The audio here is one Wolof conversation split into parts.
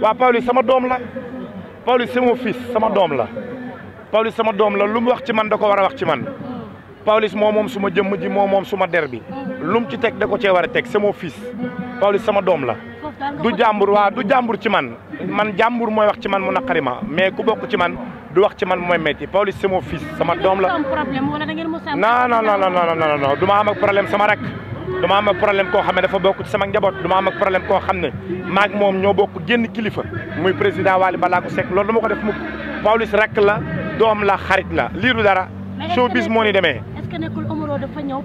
wa Pawlish sama dom la Pawlish c'est mon fils sama dom la Pawlish sama dom la lum wax ci man dako wara wax ci man Pawlish moo mom suma jëm ji moo mom suma ma lum ci tek dako ci wara tek c'est mon fils Pawlish sama dom la du jambour wa du jambour ci man man jambour moy wax ci man mu nakarima mais ku bok ci man du wax ci man moy metti Pawlish c'est mon fils sama dom la non non non non non non non du am ak problème sama rek du ma am ak problème koo xam ne dafa bokk ci sama njaboot du ma am ak problème koo xam ne maag moom ñoo bokk génn kilifa muy président Waly Ballago Seck loolu ma ko def mu Pawlish la doom la xarit la lii du dara. showbiz moo ni demee. est-ce que nekkul Omaro dafa ko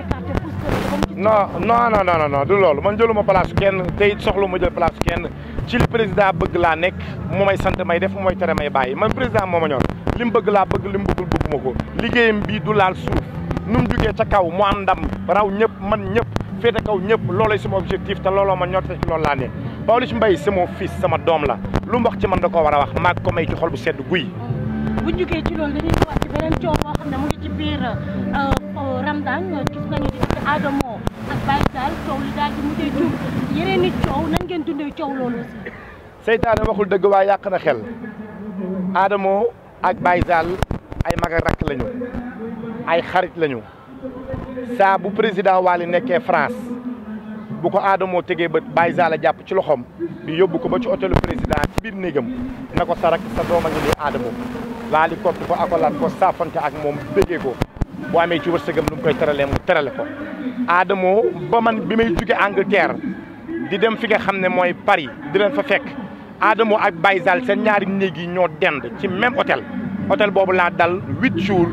écarté pour loolu man jëluma place kenn te it soxla ma jël kenn ci li président bëgg laa nekk mu may sant may def mu may tere may bàyyi man président moo ma ñor li mu bëgg laa bëgg li mu bëggul bëgguma ko liggéeyam bii du laal suuf. nu mu jugee ca kaw mu am ndam raw ñëpp man ñëpp féete kaw ñëpp loolay sama objectif te looloo ma ñor te ci loolu laa ne Pawlish Mbaye c'est sama doom la lu mu wax ci man da koo war a wax maa ko may ci xol bu sedd guy. bu jugee ci loolu dañuy wax ci beneen coow boo xam ne mu ngi ci biir euh, euh, Ramadan gis nañu ak Baye coow li daal di mujjee jub yeneen i coow nan ngeen dundee coow loolu seytaane waxul dëgg waaye yàq na xel Adamo ak Baye ay mag ak rakk ay xarit lañu saa bu président Wally nekkee France bu ko Adamo tegee ba Baye Zala jàpp ci loxoom di yóbbu ko ba ci hôtelu président ci biir néegam na ko sa rak sa doom a ngi nii Adamo laali kott ko akolaat ko saafante ak moom bégee ko boo amee ci wërsëgam nu mu koy teralee mu terale ko Adamo ba man bi may jóge Angleterre di dem fi nga xam ne mooy Paris di leen fa fekk Adamo ak Baye Zala seen ñaari néeg yi ñoo dend ci même hôtel hôtel boobu laa dal huit jours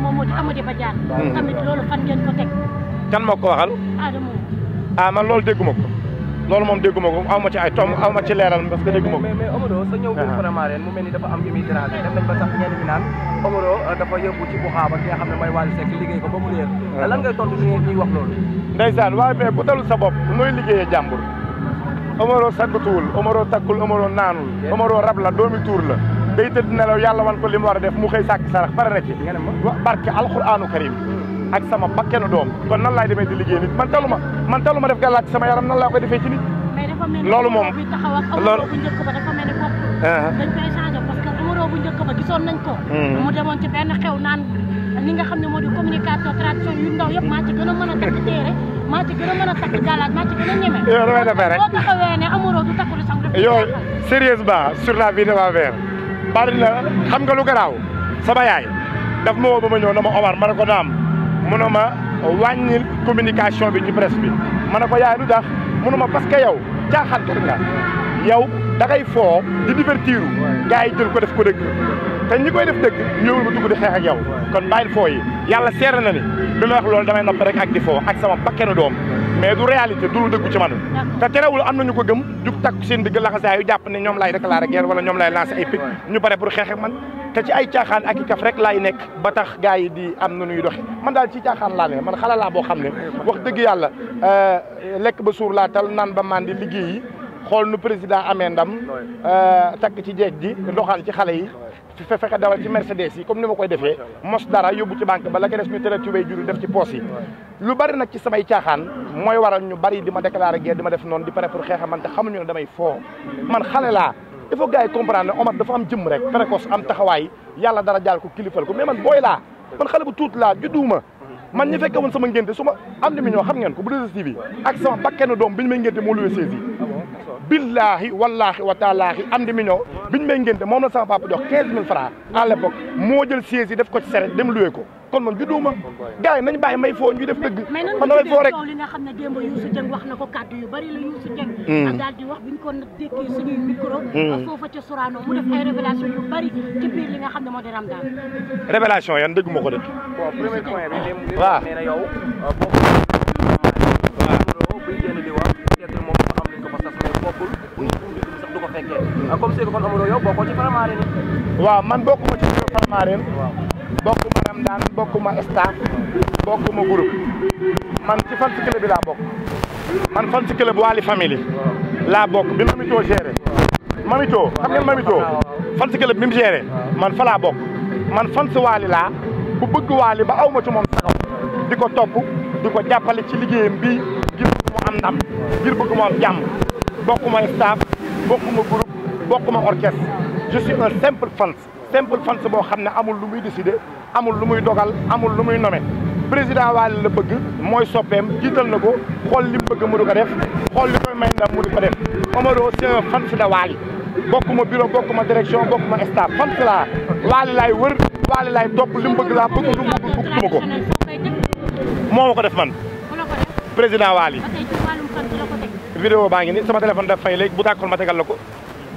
Amady Badiane. tamit mm. loolu fan ko teg. kan moo ko waxal. Adama. ah man loolu dégguma ko. loolu moom dégguma ko aw ma ci ay tom aw ma ci leeral parce que dégguma ko. mais mais Omaro sa ñëw ah. mu mel ni dafa am yu muy dérangé dem euh, ba ki nga xam ne mooy Wally Seck liggéey ko ba mu leer. Ah. lan ngay waaye mais ku sa bopp nooy liggéeyee jàmbur. Omaro saggatuwul Omaro takkul Omaro naanul Omaro rab la doomi tuur la. day tëdd nelaw yàlla wan ko li mu war a def mu xëy sàkk sarax pare na ci nga ne ma barke karim ak sama bakkenu doom kon nan laay demee di liggéey nit man taluma man taluma def gàllaaj ci sama yaram nan laa koy defee ci nit loolu moom loolu uh-huh. bu njëkk ba gisoon nañ ko mm-hmm. mu demoon ci benn xew naan li nga xam ne moo di communication tradition yu ndaw yëpp maa ci gën maa ci gën maa ci gën a ñeme yow damay rek bari na xam nga lu garaaw sama yaay daf ma woo ba ma ñëw na ma Omar ma ne ko naam mu ne ma wàññil communication bi ci presse bi ma ne ko yaay lu tax mu ne ma parce que yow caaxaankat nga yow da ngay foo di divertir gars yi jël ko def ko dëgg te ñi koy def dëgg ñëwul ba dugg di xeex ak kon bàyyil foo yàlla seere na ni bi ma wax loolu damay nopp rek ak di foo ak sama bakkenu doom mais du réalité du lu dëggu ci man te terewul am ñu ko gëm jug takk seen digg laxasaa yu jàpp ne ñoom laay déclaré guerre wala ñoom laay lancé ay pic ñu bare pour xeex ak man te ci ay caaxaan ak i kaf rek laay nekk ba tax gars yi di am na ñuy doxe man daal ci caaxaan laa ne man xala boo xam ne wax dëgg yàlla euh, lekk ba suur laa tal naan ba mandi liggéey yi xool nu président amee ndam euh, takk ci jeeg ji doxal ci xale yi fexe dawal ci Mercedes yi comme ni ma koy defee mos dara yóbbu ci banque ba la ko des ñu tëral def ci poos lu bari nag ci samay caaxaan mooy waral ñu bari di ma déclaré guerre di ma def noonu di pare pour man taxawaay yàlla dara jaal ko kilifal ko mais man booy man xale bu tuut laa judduuma man ñi fekke woon sama ngénte su am li mi ñoo xam ngeen ko bu desi bi ak sama bakkenu doom bi ñu may ngénte moo luwe saisi billaahi wallaahi wa taalaahi am di million biñ may ngénte moom la sama papa jox quinze mille francs à l'époque moo jël siège yi def ko ci saret dem loué ko kon moom judduuma gars yi nañ bàyyi may foo ñuy def dëgg man damay foo rek li nga xam ne démb Youssou na ko kàddu yu bari la Youssou Dieng hmm. daal di wax biñ ko dékkee suñuy micro hmm. foofa ca mu def ay révélation yu bari ci biir li nga xam ne moo di Ramadan révélation yan dëgg ma ko def waaw man bokkuma ci biir Palmarin bokkuma Ramdaan bokkuma staff bokkuma groupe man ci fan club bi laa bokk man fan si club Wally Family laa bokk bi Mamito géré Mamito xam ngeen Mamito fan club bi mu géré man fa laa bokk man fan si Wally laa bu bëgg Wally ba aw ma ci moom sakaw di ko topp di ko jàppale ci liggéeyam bi ngir bëgg mu jàmm bokkuma staff bokkuma groupe bokkuma orchestre je suis un simple fans simple fans boo xam ne amul lu muy décider amul lu muy dogal amul lu muy nome président Wally la bëgg mooy soppeem jiital na ko xool li mu bëgg mu di def xool li koy may ndam mu di ko def Omaro c'est un fans de Wally bokkuma bureau bokkuma direction bokkuma staff fans laa Wally laay wër Wally laay topp li mu bëgg laa bëgg lu mu bëgg bëgg ko moo ma ko def man président Wally vidéo baa ngi ni sama téléphone daf fay bu tàkkoon ma tegal la ko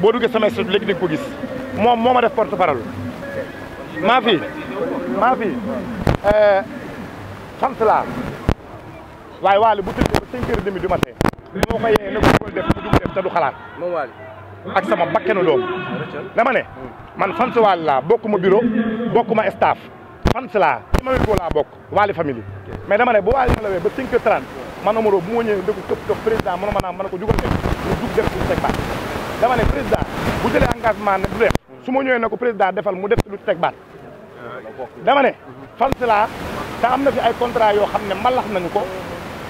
boo duggee samay sot léegi di nga ko gis moom moo ma Mavi, porte parole maa fi maa fi eh, sant laa waaye waali bu tëddee ba cinq heures demi du matin moo ko yee ne eu estou def bu dugg def te du xalaat ak sama bakkenu doom dama ne man sant waali laa bokkuma bureau bokkuma staff sant laa ci mami ko laa bokk waali famille mais dama ne bu waali nelawee ba cinq heures trente man Omaro bu ma ñëwee dëkk këpp jox président mëna ma naam mën a ko jugal ne ñu jug def suñu teg baat dama ne président bu jëlee engagement ne du def su ma ñëwee ne ko président defal mu def lu teg baat dama ne fan si laa te am na fi ay contrat yoo xam ne malax nañu ko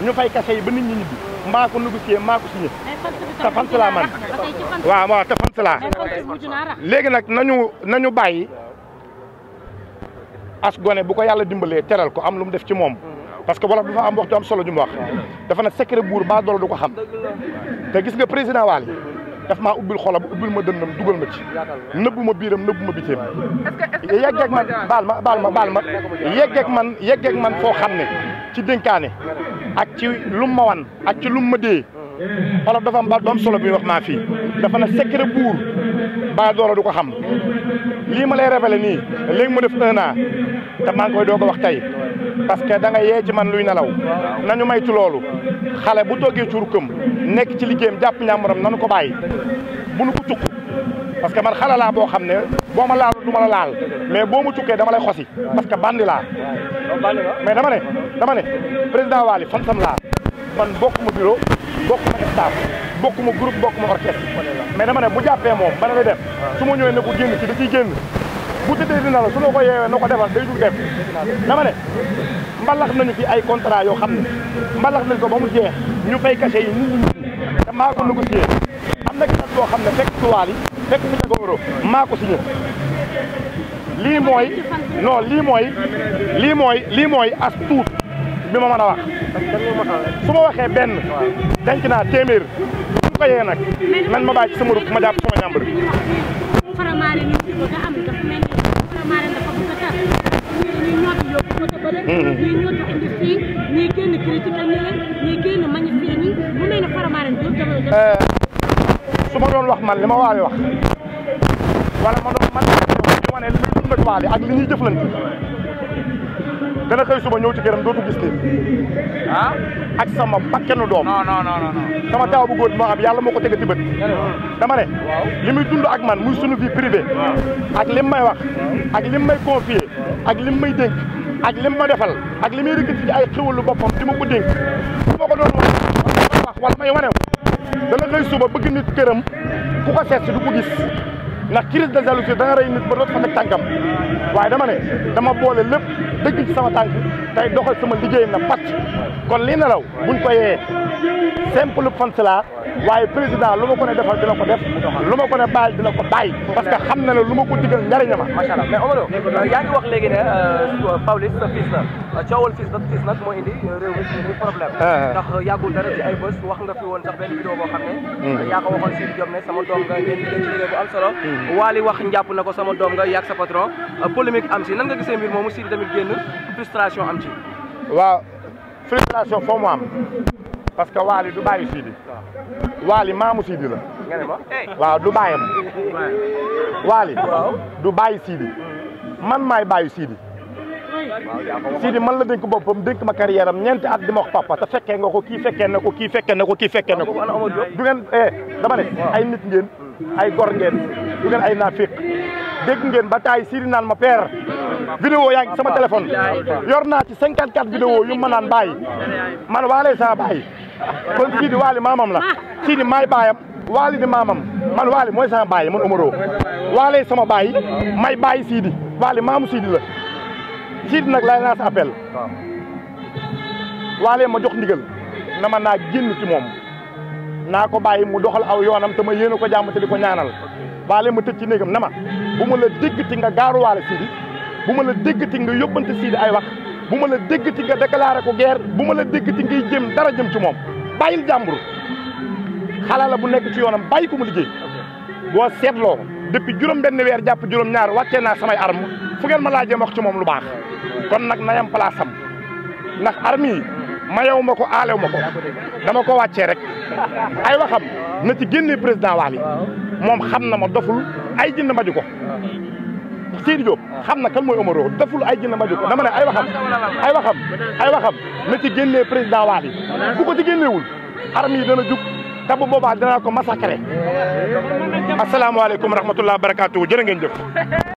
ñu fay kase yi ba nit ñi ñibbi maa ko négocier maa ko signé te fan si laa waaw waaw te fan si laa léegi nag nañu nañu bàyyi as gone bu ko yàlla dimbalee teral ko am lu mu def ci moom parce que wolof dafa am wax ju am solo ju wax dafa na secret bour ba doole du ko xam te gis nga président Wally daf ma ubbil xolam ubbil ma dënnam duggal ma ci neubuma biram neubuma bitem ma bitéem man bal ma bal ma bal ma yeggeeg man yeggeeg man fo xamne ci dénkaane ak ci lum ma wan ak ci lum ma dé xolam dafa am ba doom solo bi wax ma fi dafa na secret bour ba doole du ko xam li ma lay révéler ni légui mu def 1 an te ma ngoy koy wax tay parce que da nga yee ci man luy nelaw nañu maytu loolu xale bu toggee ci këm nekk ci liggéeyam jàpp ñàmburam nanu ko bàyyi bu nu ko tukk parce que man xale boo xam ne boo ma laalu du ma la laal mais boo mu tukkee dama lay xosi parce que bandi laa mais dama ne dama ne président Waly fan sam laa man bokkuma bureau bokkuma staff bokkuma groupe bokkuma orchestre mais dama ne bu jàppee moom ba na lay def su ma ñëwee ne ko génn ci da génn bu tëddee dina la su ma ko yeewee na ko defal day dul def dama ne mbalax nañu fi ay contrat yoo xam ne mbalax nañ ko ba mu jeex ñu fay cachet yi nit ñi te maa ko négocié am na gisat boo xam ne fekk tuwaal yi fekk signé ko euro maa ko signé lii mooy non lii mooy lii mooy lii bi ma mën a wax su ma waxee benn denc naa téeméer bu ñu ko yee nag nan ma bàyyi ci sama rup ma jàpp sama ñàmbar bi côté bële. ñii ñoo tax industrie ñii génn critique ak ñeneen eh, doon wax man li ma waay wax wala ma doon man li ma ne li muy dund ak waale ak li ñuy jëflante dana xëy suba ñëw ci këram dootu gis nii ah ak sama bakkanu doom. non non non non sama taaw bu góor bi ma xam yàlla moo ko tegati bët. dama li muy dund ak man muy sunu vie privée. ak lim may wax ak lim may confier ak lim may dénk. ak lim ma defal ak li muy rëkkati ci ay xéwalu boppam di ma ko dénk su ma ko doon wax wala may wane dana xëy suba bëgg nit këram ku ko seet si du ko gis ndax crise de jalousie da nga rey nit ba doot fa teg tànkam waaye dama ne dama boole lépp dëgg ci sama tànk tey doxal sama liggéeyam na pàcc kon li nelaw buñ ko yee simple fans la waaye président lu ma ko ne defal dina ko def lu ma ko ne bàyyi dina ko bàyyi parce que xam na ne lu ma ko digal njëriñam ma wax léegi ne euh, Pawlish sa fils la coowal fils ba fils nag moo indi ah, ah. ay bés wax nga fi woon sax benn vidéo hmm. sama doom nga ngeen di hmm. waali wax njàpp na ko sama doom nga yaag sa patron polémique am si nan gisee mbir moomu si tamit génn frustration am ci. waaw frustration foo mu am parce que Wally du bàyyi Sidi. Wally maamu Sidi la. nga eh. waaw du bàyyam. du bàyyi Sidi. man maay bàyyi Sidi. Sidi man la dénk boppam dénk ma carrière am ñeenti at di ma wax papa te fekkee nga ko kii fekkee na ko kii fekkee na ko fekkee na ko. du ngeen eh, dama ne ay nit ngeen. ay gor ngeen du ngeen ay naaféq dégg ngeen ba taay Sidi naan ma père. vidéo yaa ngi sama téléphone yor naa ci cinquante quatre vidéo yu ma naan bàyyi man waalee saa bàyyi kon Sidi Waly maamam la Sidi maay baayam Waly di maamam man Waly mooy sama bàyyi man Omaro waalee sama bàyyi may bàyyi Sidi Waly maamu Sidi la Sidi nag laay naa sa appel waalee ma jox ndigal na ma naa génn ci moom naa ko bàyyi mu doxal aw yoonam te ma yéene ko jàmm te di ko ñaanal waale ma tëj ci néegam na ma bu la dégg ti nga gaaruwaale Sidi bu ma la déggati nga yóbbante Sidi ay wax bu ma la déggati nga déclaré ko guerre bu ma la déggati ngay jëm dara jëm ci moom bàyyil jàmbur xala la bu nekk ci yoonam bàyyi ko mu liggéey boo seetloo depuis juróom benn weer jàpp juróom ñaar wàccee naa samay arme fu ngeen ma laajee wax ci moom lu baax kon nag nayam place am ndax arme yi ko aalew ma ko dama ko wàccee rek ay waxam na ci génnee président Wally moom xam na ma doful ay jënd maju ko Sidi Diop xam na kan mooy Omaro deful ay jinne ma dama ne ay waxam ay waxam ay waxam na ci génnee président Wally bu ko ci génneewul armes yi dana jug te bu boobaa dinaa ko massacrer asalaamaaleykum wa rahmatulah barakaatu jërë ngeen jëf.